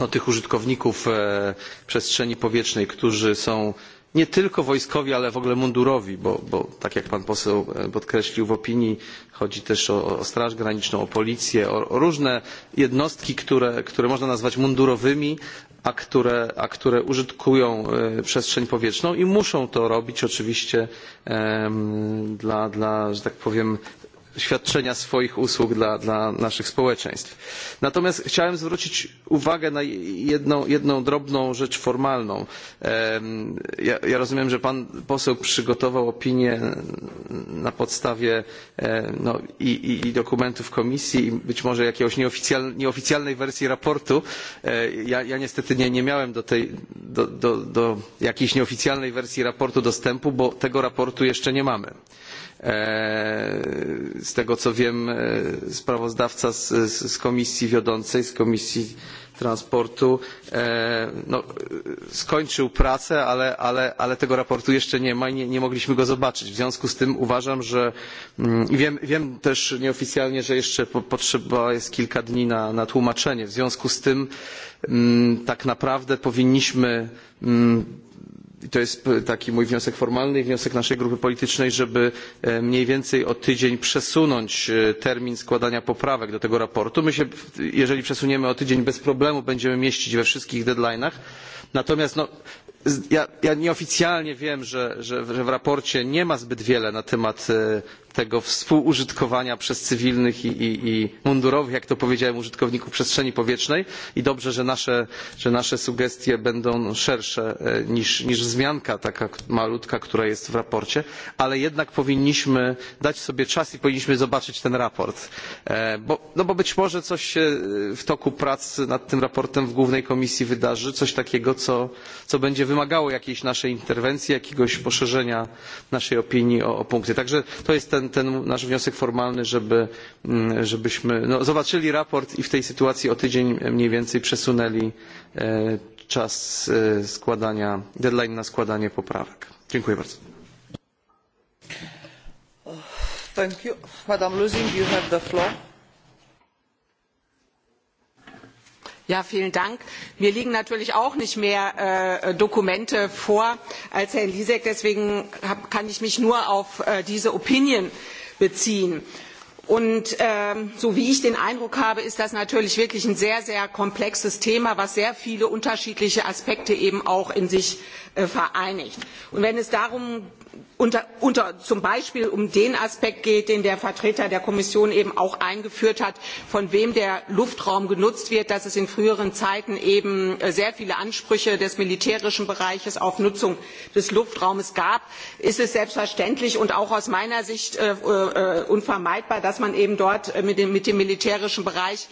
no, tych użytkowników e, przestrzeni powietrznej, którzy są nie tylko wojskowi, ale w ogóle mundurowi, bo, bo tak jak pan poseł e, podkreślił w opinii, chodzi też o, o Straż Graniczną, o policję, o, o różne jednostki, które, które można nazwać mundurowymi, a które, a które użytkują e, przestrzeń powietrzną i muszą to robić oczywiście dla, dla że tak powiem, świadczenia swoich usług dla, dla naszych społeczeństw. Natomiast chciałem zwrócić uwagę na jedną, jedną drobną rzecz formalną. Ja, ja rozumiem, że pan poseł przygotował opinię na podstawie e, no, i, i, i dokumentów komisji i być może jakiejś nieoficjal, nieoficjalnej wersji raportu. E, ja, ja niestety nie, nie miałem do, tej, do, do, do jakiejś nieoficjalnej wersji raportu dostępu, bo tego raportu jeszcze nie mamy. E, z tego co wiem, e, sprawozdawca z, z komisji wiodącej, z komisji transportu e, no, skończył pracę, ale, ale, ale tego raportu jeszcze nie ma i nie, nie mogliśmy go zobaczyć. W związku z tym uważam, że mm, wiem, wiem też nieoficjalnie, że jeszcze po, potrzeba jest kilka dni na, na tłumaczenie. W związku z tym mm, tak naprawdę powinniśmy mm, to jest taki mój wniosek formalny i wniosek naszej grupy politycznej, żeby e, mniej więcej o tydzień przesunąć e, termin składania poprawek do tego raportu. My się, jeżeli przesuniemy o tydzień, bez problemu będziemy mieścić we wszystkich deadline'ach. Natomiast no, ja, ja nieoficjalnie wiem, że, że, że w raporcie nie ma zbyt wiele na temat e, tego współużytkowania przez cywilnych i, i, i mundurowych, jak to powiedziałem, użytkowników przestrzeni powietrznej i dobrze, że nasze, że nasze sugestie będą szersze e, niż, niż wzmianka taka malutka, która jest w raporcie, ale jednak powinniśmy dać sobie czas i powinniśmy zobaczyć ten raport. E, bo, no bo być może coś się e, w toku prac nad tym raportem w Głównej Komisji wydarzy, coś takiego, co, co będzie wymagało jakiejś naszej interwencji, jakiegoś poszerzenia naszej opinii o, o punkty. Także to jest ten ten, nasz wniosek formalny, żeby, mm, żebyśmy no, zobaczyli raport i w tej sytuacji o tydzień mniej więcej przesunęli e, czas e, składania, deadline na składanie poprawek. Dziękuję bardzo. Oh, thank you. Madam Luzing, you have the floor. Ja, vielen Dank. Mir liegen natürlich auch nicht mehr äh, Dokumente vor als Herrn Lisek. Deswegen kann ich mich nur auf äh, diese Opinion beziehen. Ähm, so wie ich den Eindruck habe, ist das natürlich wirklich ein sehr, sehr komplexes Thema, das sehr viele unterschiedliche Aspekte in sich Äh, vereinigt. Und wenn es darum unter, unter, zum Beispiel um den Aspekt geht, den der Vertreter der Kommission eben auch eingeführt hat, von wem der Luftraum genutzt wird, dass es in früheren Zeiten eben äh, sehr viele Ansprüche des militärischen Bereiches auf Nutzung des Luftraumes gab, ist es selbstverständlich und auch aus meiner Sicht äh, äh unvermeidbar, dass man eben dort mit dem, mit dem militärischen Bereich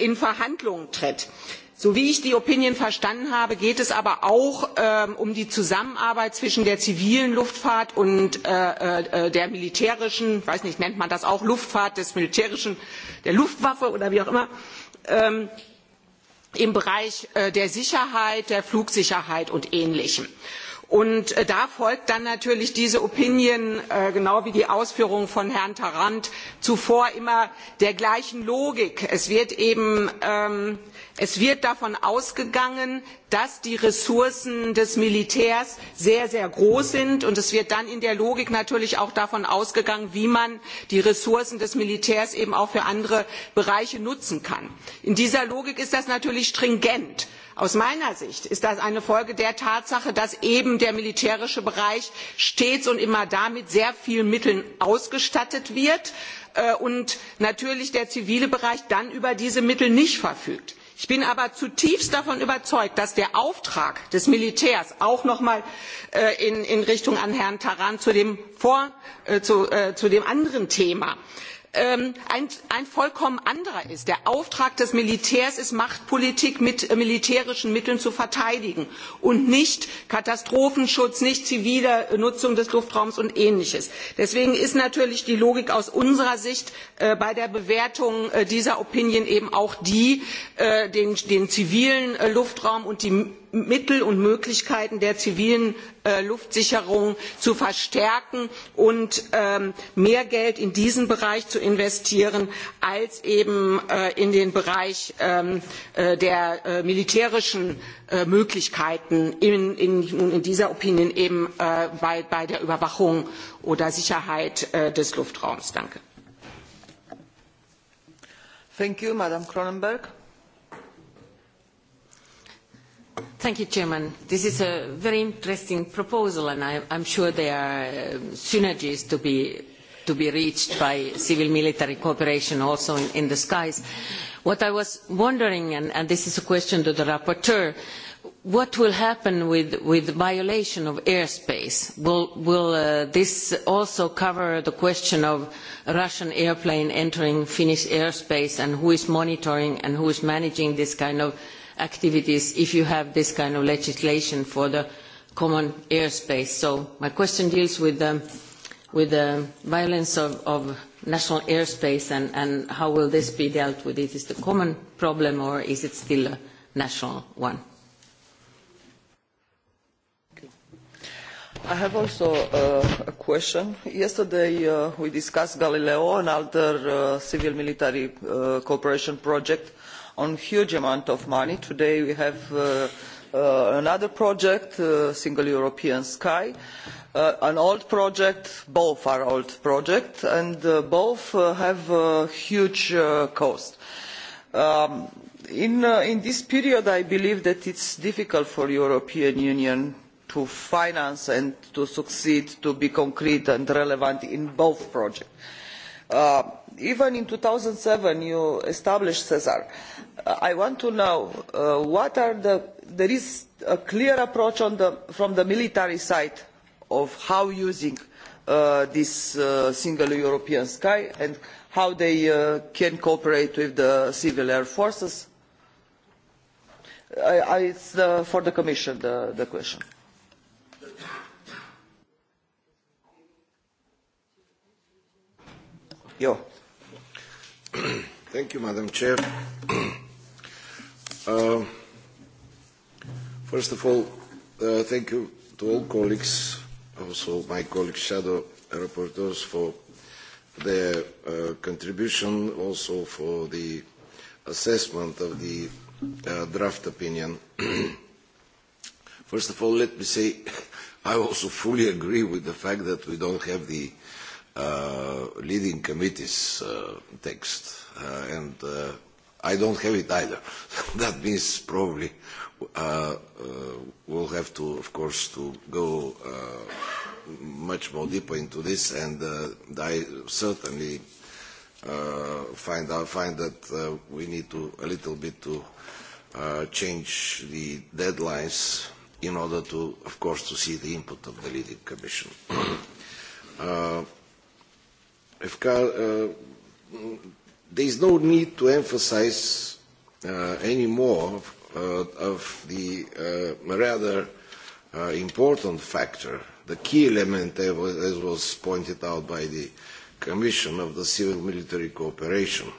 in Verhandlungen tritt so wie ich die opinion verstanden habe geht es aber auch ähm, um die zusammenarbeit zwischen der zivilen luftfahrt und äh, äh, äh, der militärischen ich weiß nicht nennt man das auch luftfahrt des militärischen der luftwaffe oder wie auch immer ähm, im bereich der sicherheit der flugsicherheit und ähnlichem und äh, da folgt dann natürlich diese opinion äh, genau wie die ausführungen von herrn tarand zuvor immer der gleichen logik es wird ähm, es wird davon ausgegangen dass die ressourcen des militärs sehr sehr groß sind und es wird dann in der logik natürlich auch davon ausgegangen wie man die ressourcen des militärs eben auch für andere bereiche nutzen kann. in dieser logik ist das natürlich stringent aus meiner sicht ist das eine folge der tatsache dass eben der militärische bereich stets und immer da mit sehr vielen mitteln ausgestattet wird äh, und natürlich der zivile bereich dann über diese mittel nicht verfügt. ich bin aber zutiefst davon überzeugt dass der auftrag des militärs auch noch einmal äh, in richtung herrn tarand äh, zu dem anderen thema Ähm, ein, vollkommen anderer ist. der auftrag des militärs ist machtpolitik mit äh, militärischen mitteln zu verteidigen und nicht katastrophenschutz nicht zivile nutzung des luftraums und ähnliches. deswegen ist natürlich die logik aus unserer sicht äh, bei der bewertung äh, dieser opinion eben auch die den, den zivilen luftraum und die mittel und möglichkeiten der zivilen äh, luftsicherung zu verstärken und ähm, mehr geld in diesen bereich zu investieren als eben äh, in den bereich ähm, äh, der militärischen möglichkeiten in, in, in dieser opinion eben bei, bei der überwachung oder sicherheit des luftraums. danke. Thank you, Madam Cronenberg. Thank you, Chairman. This is a very interesting proposal, and I, I'm sure there are um, synergies to be reached by civil-military cooperation also in, the skies. What I was wondering, and, this is a question to the rapporteur, what will happen with, with violation of airspace? Will, will uh, this also cover the question of a Russian airplane entering Finnish airspace and who is monitoring and who is managing this kind of activities if you have this kind of legislation for the common airspace. So my question deals with the, with the violence of, of national airspace and, and how will this be dealt with? Is it a common problem or is it still a national one? I have also uh, a question. Yesterday uh, we discussed Galileo, and other uh, civil-military uh, cooperation project on huge amount of money. Today we have uh, uh, another project, the uh, Single European Sky, an old project, both are old projects, and both have a huge cost. Um, in, in this period, I believe that it's difficult for European Union to finance and to succeed to be concrete and relevant in both projects Uh, even in two thousand and seven you established sesar. Uh, i want to know uh, what are the there is a clear approach from the military side of how using use this single european sky and how they can cooperate with the civil air forces. it is for the commission the question. Jo. Thank you, Madam Chair. uh, first of all, uh, thank you to all colleagues, also my colleague shadow rapporteurs for their uh, contribution, also for the assessment of the uh, draft opinion. First of all, let me say I also fully agree with the fact that we don't have the Uh, leading committee's uh, text, uh, and uh, I don't have it either. that means probably uh, uh, we'll have to, of course, to go uh, much more deeper into this, and uh, I certainly uh, find find that uh, we need to a little bit to uh, change the deadlines in order to, of course, to see the input of the leading commission. uh, Uh, there is no need to emphasize uh, any more uh, of the uh, rather uh, important factor, the key element, as was pointed out by the Commission of the Civil Military Cooperation.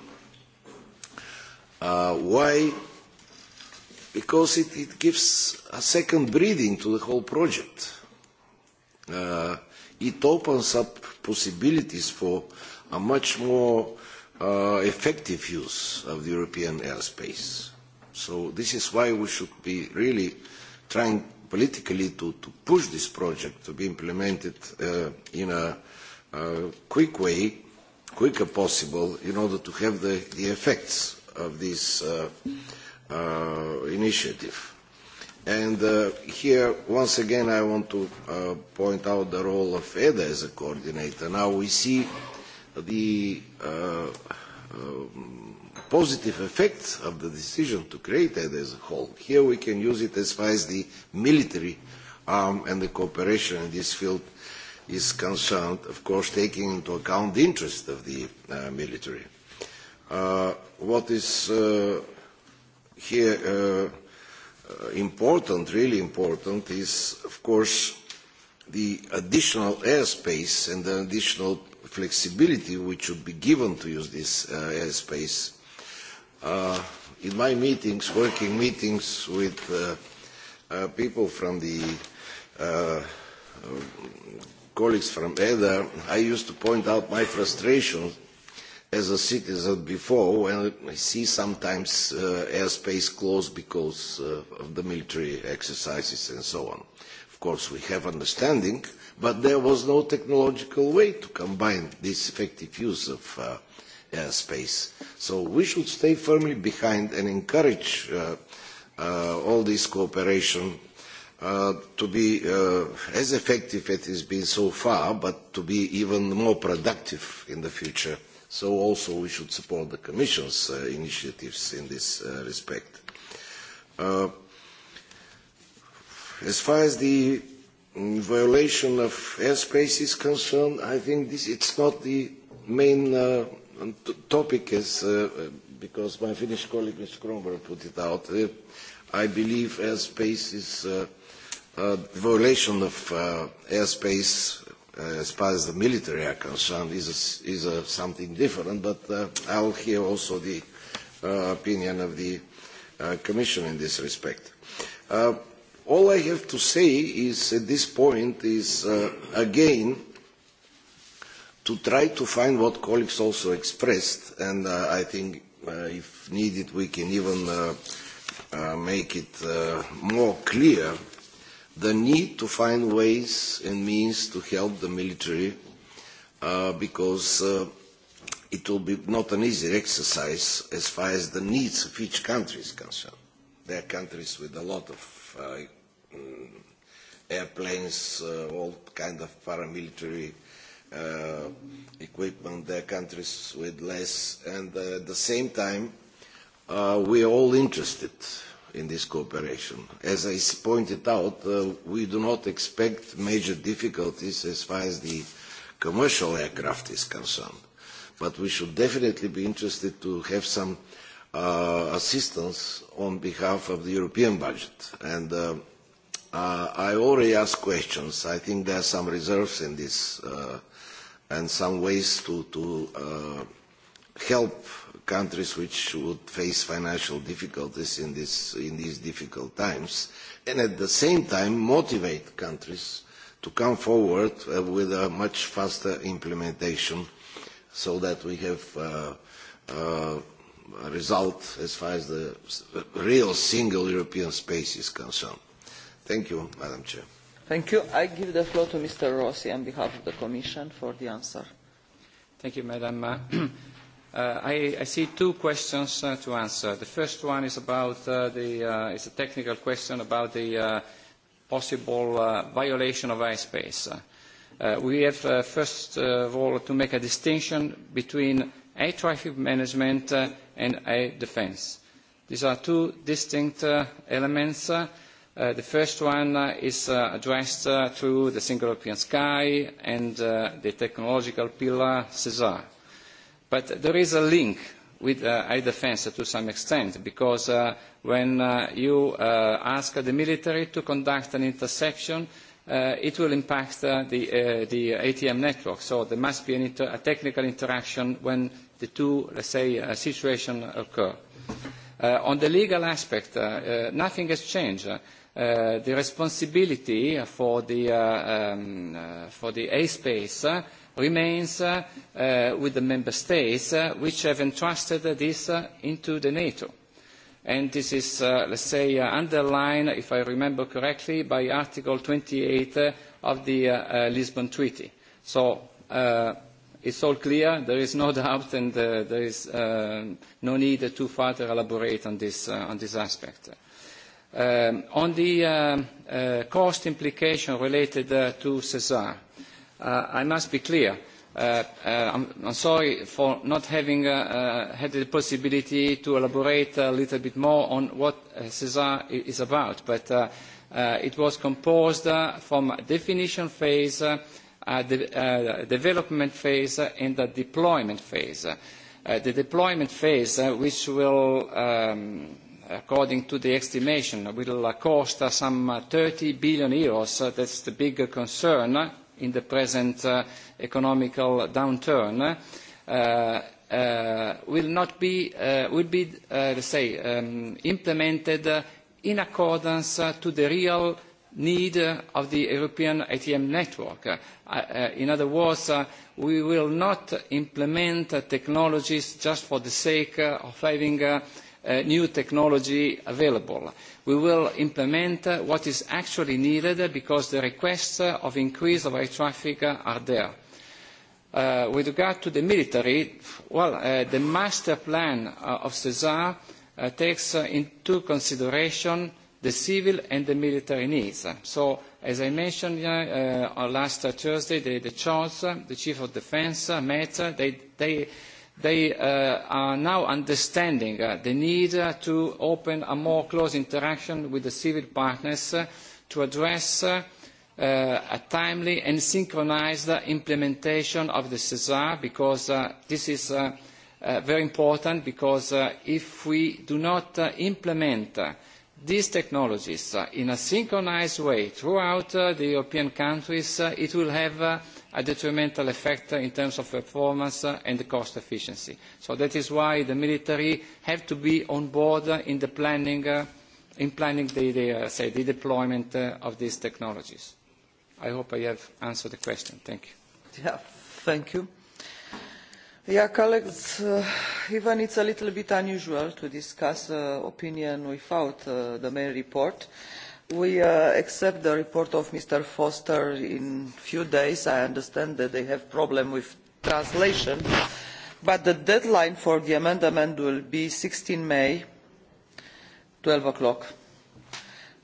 Uh, why? Because it, it gives a second breathing to the whole project. Uh, it opens up possibilities for a much more uh, effective use of the European airspace. So this is why we should be really trying politically to, to push this project to be implemented uh, in a, a uh, quick way, quicker possible, in order to have the, the effects of this uh, uh, initiative. And uh, here, once again, I want to uh, point out the role of EDA as a coordinator. Now we see the uh, um, positive effects of the decision to create EDA as a whole. Here we can use it as far as the military arm and the cooperation in this field is concerned, of course, taking into account the interest of the uh, military. Uh, what is uh, here uh, important, really important, is of course the additional airspace and the additional flexibility which should be given to use this uh, airspace. Uh, in my meetings, working meetings with uh, uh, people from the uh, uh colleagues from EDA, I used to point out my frustrations as a citizen before when I see sometimes uh, airspace closed because uh, of the military exercises and so on. Of course, we have understanding, but there was no technological way to combine this effective use of uh, airspace. So we should stay firmly behind and encourage uh, uh, all this cooperation Uh, to be uh, as effective as it has been so far, but to be even more productive in the future. So also we should support the Commission's uh, initiatives in this uh, respect. Uh, as far as the violation of airspace is concerned, I think this, it's not the main uh, topic as, uh, because my Finnish colleague Mr. Kronberg put it out. Uh, I believe airspace is uh, uh, violation of uh, airspace Uh, as far as the military are concerned is, a, is a something different, but uh, I'll hear also the uh, opinion of the uh, Commission in this respect. Uh, all I have to say is at this point is uh, again to try to find what colleagues also expressed, and uh, I think uh, if needed we can even uh, uh, make it uh, more clear the need to find ways and means to help the military uh, because uh, it will be not an easy exercise as far as the needs of each country is concerned. There are countries with a lot of uh, mm, airplanes, uh, all kind of paramilitary uh, equipment. There are countries with less, and uh, at the same time, uh, we are all interested in this cooperation. As I pointed out, uh, we do not expect major difficulties as far as the commercial aircraft is concerned, but we should definitely be interested to have some uh, assistance on behalf of the European budget. And uh, uh, I already asked questions. I think there are some reserves in this uh, and some ways to, to uh, help countries which would face financial difficulties in, this, in these difficult times, and at the same time motivate countries to come forward uh, with a much faster implementation so that we have uh, uh, a result as far as the real single European space is concerned. Thank you, Madam Chair. Thank you. I give the floor to Mr. Rossi on behalf of the Commission for the answer. Thank you, Madam. Uh, Uh, I, see two questions uh, to answer. The first one is about uh, the, uh, it's a technical question about the uh, possible violation of airspace. we have, first of all, to make a distinction between air traffic management and air defence. These are two distinct elements. the first one is addressed through the Single European Sky and the technological pillar CESAR But there is a link with uh, iDefense to some extent, because uh, when uh, you uh, ask the military to conduct an interception, uh, it will impact uh, the, uh, the ATM network. So there must be an inter a technical interaction when the two, let's say, uh, situations occur. Uh, on the legal aspect, uh, uh, nothing has changed. Uh, the responsibility for the, uh, um, uh, for the A space uh, remains uh, uh, with the member states uh, which have entrusted this uh, into the NATO. And this is, uh, let's say, underlined, if I remember correctly, by Article 28 of the Lisbon Treaty. So uh, it's all clear, there is no doubt, and there is no need to further elaborate on this, on this aspect. Um, on the um, cost implication related to CESAR, Uh, I must be clear. Uh, uh, I am sorry for not having had the possibility to elaborate a little bit more on what CESAR is about, but it was composed from definition phase, a development phase, and a deployment phase. the deployment phase, which will, um, according to the estimation, will cost some 30 billion euros. is the big concern in the present uh, economical downturn uh, uh, will not be, uh, will be let's say, um, implemented in accordance to the real need of the European ATM network. in other words, we will not implement technologies just for the sake of having new technology available. We will implement what is actually needed because the requests for of increase air traffic are there. Uh, with regard to the military, well, uh, the master plan uh, of CESAR takes into consideration the civil and the military needs. So, as I mentioned last Thursday, the, the the Chief of Defence, met. they they uh, are now understanding uh, the need uh, to open a more close interaction with the civil partners to address a timely and synchronised implementation of the CESAR because this is very important because if we do not implement these technologies in a synchronised way throughout the European countries, it will have a detrimental effect in terms of performance and cost efficiency. So that is why the military have to be on board in the planning, uh, in planning the, the, uh, say, the deployment uh, of these technologies. I hope I have answered the question. Thank you. Yeah, thank you. Yeah, colleagues, uh, even it's a little bit unusual to discuss uh, opinion without uh, the main report. Uh, we uh, accept the report of mr foster in a few days. i understand that they have problem with translation but the deadline for the amendment will be sixteen may twelve o'clock.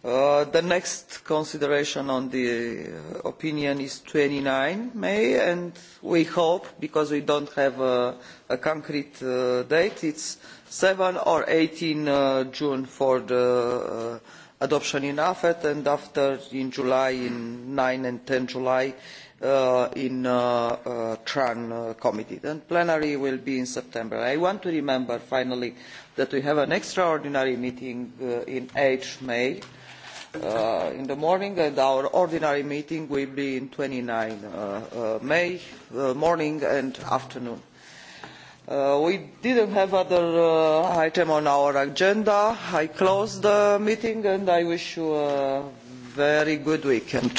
Uh, the next consideration on the uh, opinion is twenty nine may and we hope because we do not have a, a concrete uh, date it 7 seven or eighteen uh, june for the uh, adoption in AFET and after in July, in 9 and 10 July, uh, in uh, uh, TRAN uh, committee. Then plenary will be in September. I want to remember finally that we have an extraordinary meeting uh, in 8 May uh, in the morning and our ordinary meeting will be in 29 uh, uh, May uh, morning and afternoon Uh, we didn't have other uh, item on our agenda. I close the meeting and I wish you a very good weekend.